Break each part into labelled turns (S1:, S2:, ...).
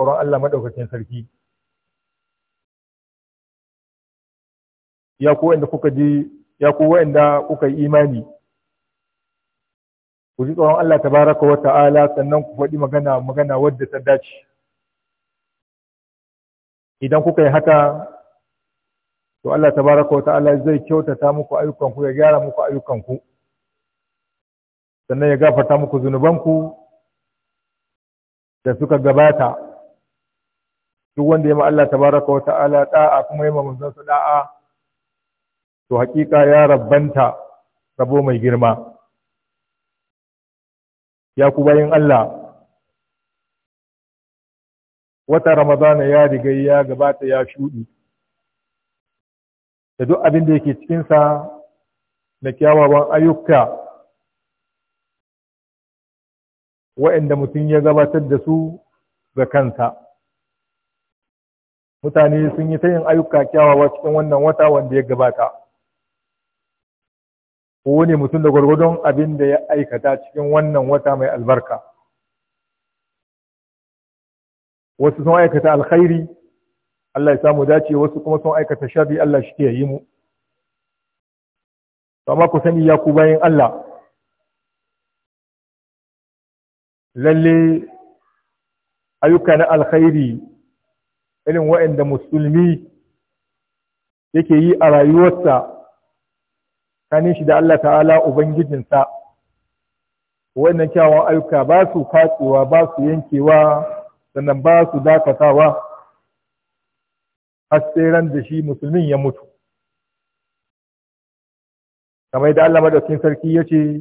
S1: tsoron Allah maɗaukacin sarki ya ku inda kuka ji ya ku kuka yi imani ku ji tsoron Allah tabaraka wa ta'ala sannan ku faɗi magana magana wadda ta dace idan kuka yi haka to Allah tabaraka wa ta'ala zai kyautata muku ayyukan ya gyara muku ayyukan ku sannan ya gafata muku zunubanku da suka gabata duk wanda ya ma Allah tabaraka wa ta'ala da'a kuma ya ma manzon sa da'a to hakika ya rabbanta rabo mai girma ya ku bayin Allah wata ramadana ya riga ya gabata ya shuɗi. da duk abin da yake cikinsa sa na kyawawan ayyuka wa'anda mutum ya gabatar da su ga kansa mutane sun yi ta yin ayyuka kyawawa cikin wannan wata wanda ya gabata kowane mutum da gwargwadon abin da ya aikata cikin wannan wata mai albarka wasu sun aikata alkhairi Allah ya samu dace wasu kuma sun aikata sharri Allah shi ke yi mu amma ku sani ya ku bayan Allah lalle ayyuka na alkhairi irin waɗanda musulmi yake yi a rayuwarsa kanin shi da Allah ta'ala ubangijinsa wannan kyawun ayyuka ba su katsewa ba su yankewa sannan ba su dakatawa har sai ran da shi musulmin ya mutu kamar da Allah madaukin sarki ya ce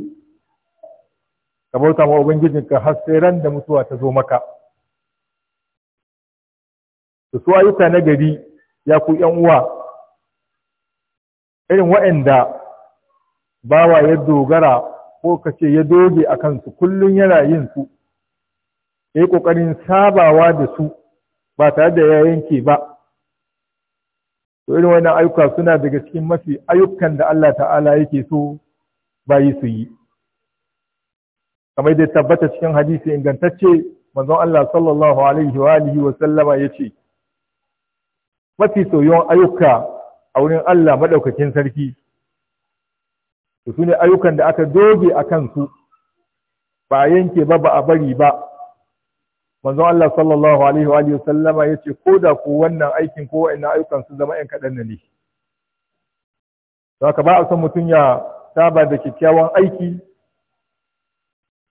S1: ka bauta ma ubangijinka har sai ran da mutuwa ta zo maka da su ayyuka na gari ya ku ‘yan uwa irin waɗanda bawa ya dogara ko kace ya doge a kansu kullum yana yin su ya yi ƙoƙarin sabawa da su ba tare da ya yanke ba to irin wannan ayyuka suna daga cikin mafi ayyukan da Allah ta'ala yake so bayi su yi kamar da tabbata cikin hadisi ingantacce manzon Allah sallallahu alaihi wa alihi wa sallama yace mafi soyon ayyuka a wurin Allah maɗaukakin sarki to su ne ayyukan da aka doge a kansu ba a yanke ba ba a bari ba manzon Allah sallallahu alaihi wa sallama ya ce ko da ko wannan aikin ko wa'annan ayyukan su zama 'yan kaɗan na ne ka ba a son mutum ya saba da kyakkyawan aiki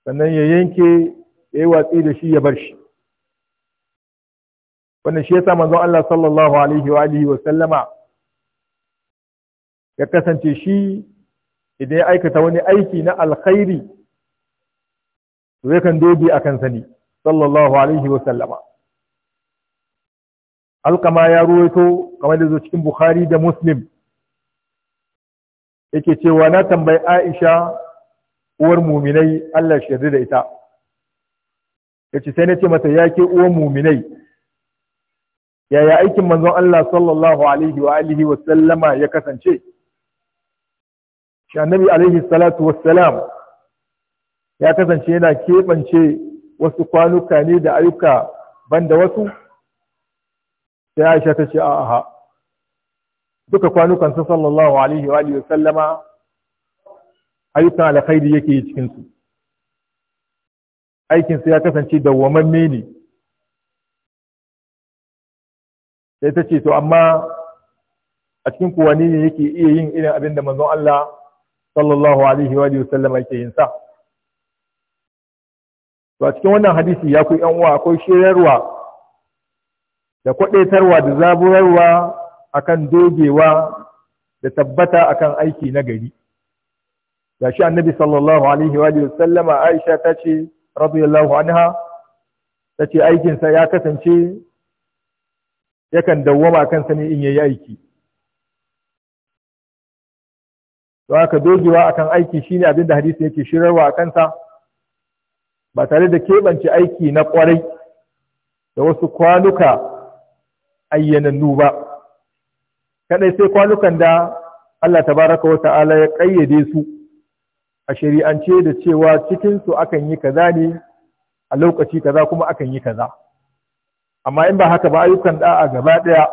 S1: sannan ya yanke ya yi watsi da shi ya bar shi wannan shi yasa manzon Allah sallallahu alaihi wa alihi wa sallama ya kasance shi idan ya aikata wani aiki na alkhairi to yakan doge akan sani sallallahu alaihi wa sallama alkama ya ruwaito kamar da zo cikin bukhari da muslim yake cewa na tambayi aisha uwar muminai allah shi yarda da ita ya sai na ce mata ya ke uwar muminai yaya aikin manzon Allah sallallahu alaihi wa alihi wa sallama ya kasance shi annabi alaihi salatu salam ya kasance yana keɓance wasu kwanuka ne da ayyuka banda wasu sai Aisha ta ce a'a duka kwanukan sa sallallahu alaihi wa alihi wa sallama ayyukan alkhairi yake yi cikin su aikin sa ya kasance dawwamamme ne sai ta ce to amma a cikin kuwa ne yake iya yin irin abin da manzon Allah sallallahu alaihi wa sallam yake yin sa to a cikin wannan hadisi ya ku yan uwa akwai shirarwa da kwadaitarwa da zaburarwa akan dogewa da tabbata akan aiki na gari gashi annabi sallallahu alaihi wa sallama Aisha ta ce radiyallahu anha ta ce aikinsa ya kasance yakan dawwama kan sani in yayi aiki to aka dogewa akan aiki shine abin da hadisi yake shirarwa a kansa ba tare da keɓance aiki na kwarai da wasu kwanuka ayyanannu ba kadai sai kwanukan da Allah tabaraka wa ta'ala ya kayyade su a shari'ance da cewa cikinsu akan yi kaza ne a lokaci kaza kuma akan yi kaza. amma in ba haka ba ayyukan da'a gaba daya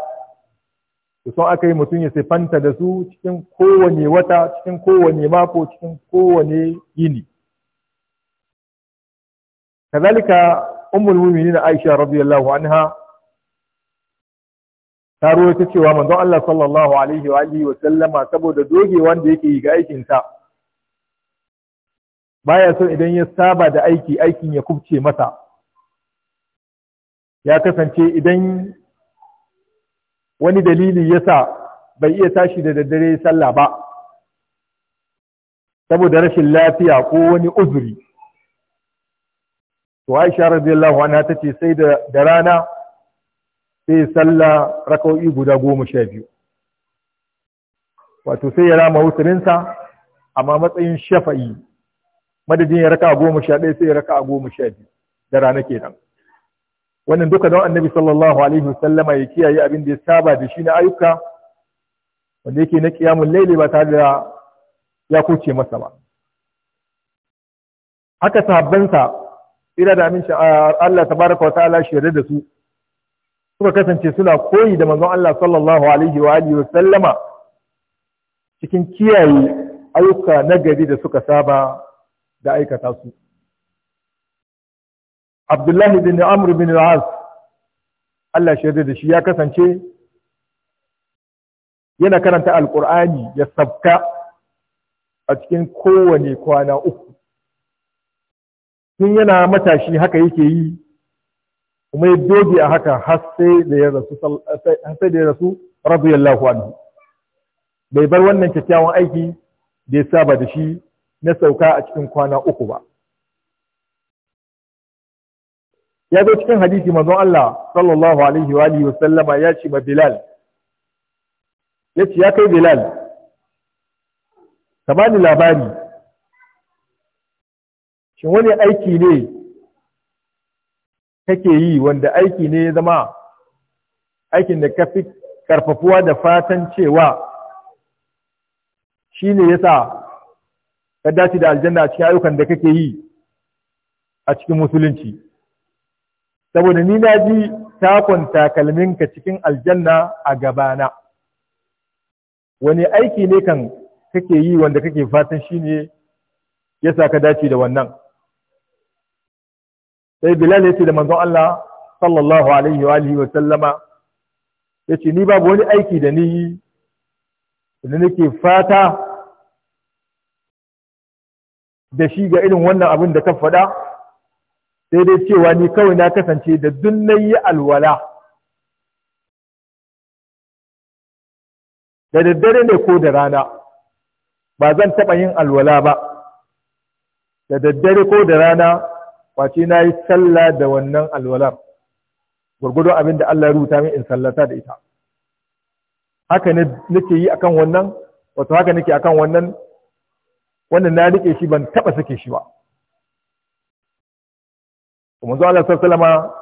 S1: to son aka yi mutum ya sifanta da su cikin kowane wata cikin kowane mako cikin kowane yini kazalika ummul mu'minin Aisha radiyallahu anha ta cewa manzon Allah sallallahu alaihi wa alihi wa sallama saboda doge wanda yake yi ga aikin sa baya son idan ya saba da aiki aikin ya kubce masa ya kasance idan wani dalili ya sa bai iya tashi da daddare sallah ba saboda rashin lafiya ko wani uzuri to aisha radiyallahu anha ce sai da da rana sai sallah rakaui guda goma sha biyu wato sai ya rama wutarinsa amma matsayin shafa'i madadin ya raka goma sha ɗaya sai ya raka goma sha biyu da rana kenan wannan duka don annabi sallallahu alaihi wasallama ya kiyaye abin da ya saba da shi na ayyuka wanda yake na kiyamun laili ba tare da ya kuce masa ba haka sahabbansa ira da aminci Allah tabaraka wa ta'ala shi da su suka kasance suna koyi da manzon Allah sallallahu alaihi wa alihi wasallama cikin kiyaye ayyuka gari da suka saba da aikata su abdullahi bin amr bin al-as Allah shi da shi ya kasance yana karanta Al-Qur'ani ya sabka a cikin kowane kwana uku tun yana matashi haka yake yi kuma ya doge a haka har ya rasu har sai da ya rasu radiyallahu anhu bai bar wannan kyakkyawan aiki da ya saba da shi na sauka a cikin kwana uku ba ya zo cikin hadisi manzon Allah sallallahu alaihi wa alihi wasallama ya ce ma Bilal ya ya kai Bilal ka bani labari shin wani aiki ne kake yi wanda aiki ne ya zama aikin da ka fi karfafuwa da fatan cewa shi ne ya sa ka dace da aljanna a cikin ayyukan da kake yi a cikin musulunci saboda ni na ji takon takalminka cikin aljanna a gabana wani aiki ne kan kake yi wanda kake fatan shi ne ya sa ka dace da wannan sai bilal ya ce da manzon Allah sallallahu alaihi wa alihi wa sallama ya ce ni babu wani aiki da ni da nake fata da shi ga irin wannan abin da ka faɗa sai dai cewa ni kawai na kasance da dunnan yi alwala da daddare ne ko da rana ba zan taɓa yin alwala ba da daddare ko da rana kwace na yi sallah da wannan alwalar gwargwado abin da Allah rubuta min in sallata da ita haka ne nake yi akan wannan wato haka nake akan wannan wannan na rike shi ban taɓa sake shi ba kuma zuwa Allah sallama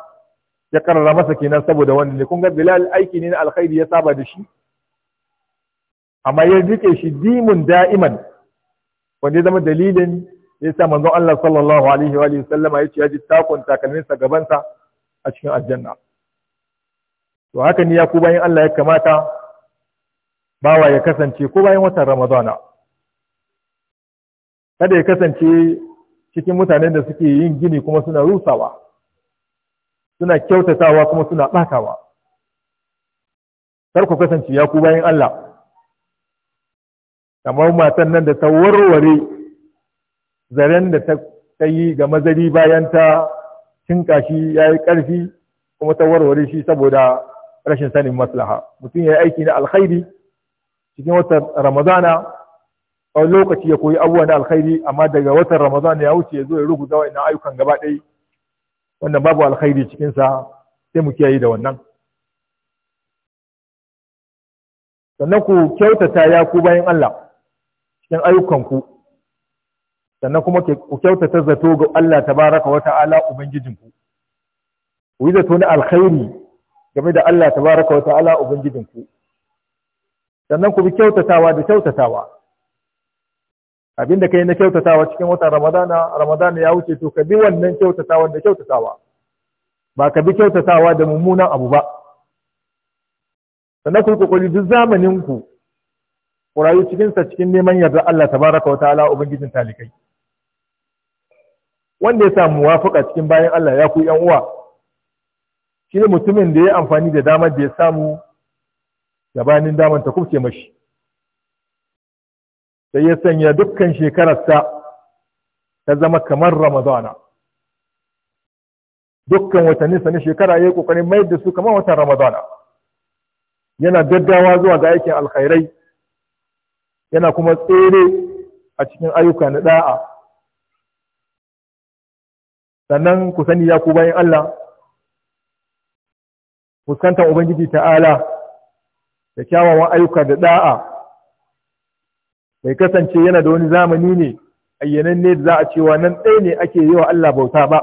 S1: ya karara masa kenan saboda wanda ne kun ga Bilal aiki ne na alkhairi ya saba da shi amma ya rike shi dimun da'iman wanda ya zama dalilin ya sa manzo Allah sallallahu alaihi wa sallama ya ce ya ji takon takalminsa gabansa a cikin aljanna to haka ne ya ku bayan Allah ya kamata bawa ya kasance ko bayan watan Ramadana kada ya kasance cikin mutanen da suke yin gini kuma suna rusawa suna kyautatawa kuma suna ɓatawa kar ku kasance ya ku bayan Allah kamar matan nan da ta warware zaren da ta yi ga mazari bayan ta cinka shi ya yi ƙarfi kuma ta warware shi saboda rashin sanin maslaha mutum ya yi aiki na alkhairi cikin wata ramadana A lokaci ya koyi abubuwan na alkhairi amma daga watan ramadan ya wuce ya zo ya rubuta wa'annan ayyukan gaba ɗaya wannan babu alkhairi cikinsa sai mu kiyaye da wannan sannan ku kyautata ya ku bayan Allah cikin ayyukanku sannan kuma ku kyautata zato ga Allah tabaraka wa ta'ala ubangijinku ku yi zato na alkhairi game da Allah tabaraka wa ta'ala ubangijinku sannan ku bi kyautatawa da kyautatawa abin da kai na kyautatawa cikin watan ramadana ramadana ya wuce to ka bi wannan kyautatawa da kyautatawa ba ka bi kyautatawa da mummunan abu ba sannan ku duk zamanin ku ku rayu cikin sa cikin neman yarda Allah tabaraka wa ta'ala ubangijin talikai wanda ya samu wafaka cikin bayan Allah ya ku yan uwa shi ne mutumin da ya amfani da damar da ya samu gabanin damar ta kufce mashi sai ya sanya dukkan shekararsa ta zama kamar ramadana dukkan watanninsa na shekara ya yi ƙoƙarin mayar da su kamar watan ramadana yana gaggawa zuwa ga aikin alkhairai yana kuma tsere a cikin ayyuka na da'a sannan ku sani ya ku bayan Allah fuskantar Ubangiji ta'ala da kyawawan ayyuka da da'a bai kasance yana da wani zamani ne ayyanan da za a cewa nan ɗaya ne ake yi wa Allah bauta ba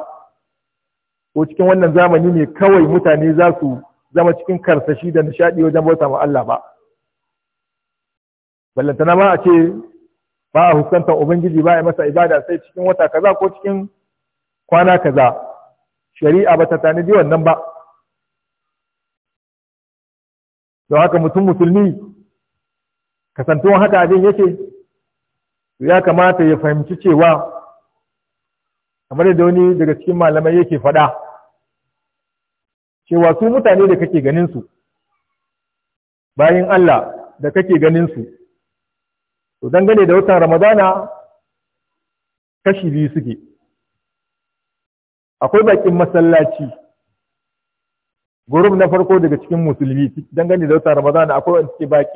S1: ko cikin wannan zamani ne kawai mutane za su zama cikin karsashi da nishaɗi wajen bauta ma Allah ba ballantana ba a ce ba a huskantar ubangiji ba a masa ibada sai cikin wata kaza ko cikin kwana kaza shari'a ba ta tanadi wannan ba don haka mutum musulmi kasantuwan haka abin yake ya kamata ya fahimci cewa kamar da wani daga cikin malamai yake faɗa cewa su mutane da kake ganinsu bayan Allah da kake ganinsu to dangane da watan ramadana kashi biyu suke akwai bakin masallaci gurub na farko daga cikin musulmi dangane da watan ramadana akwai wanda suke baki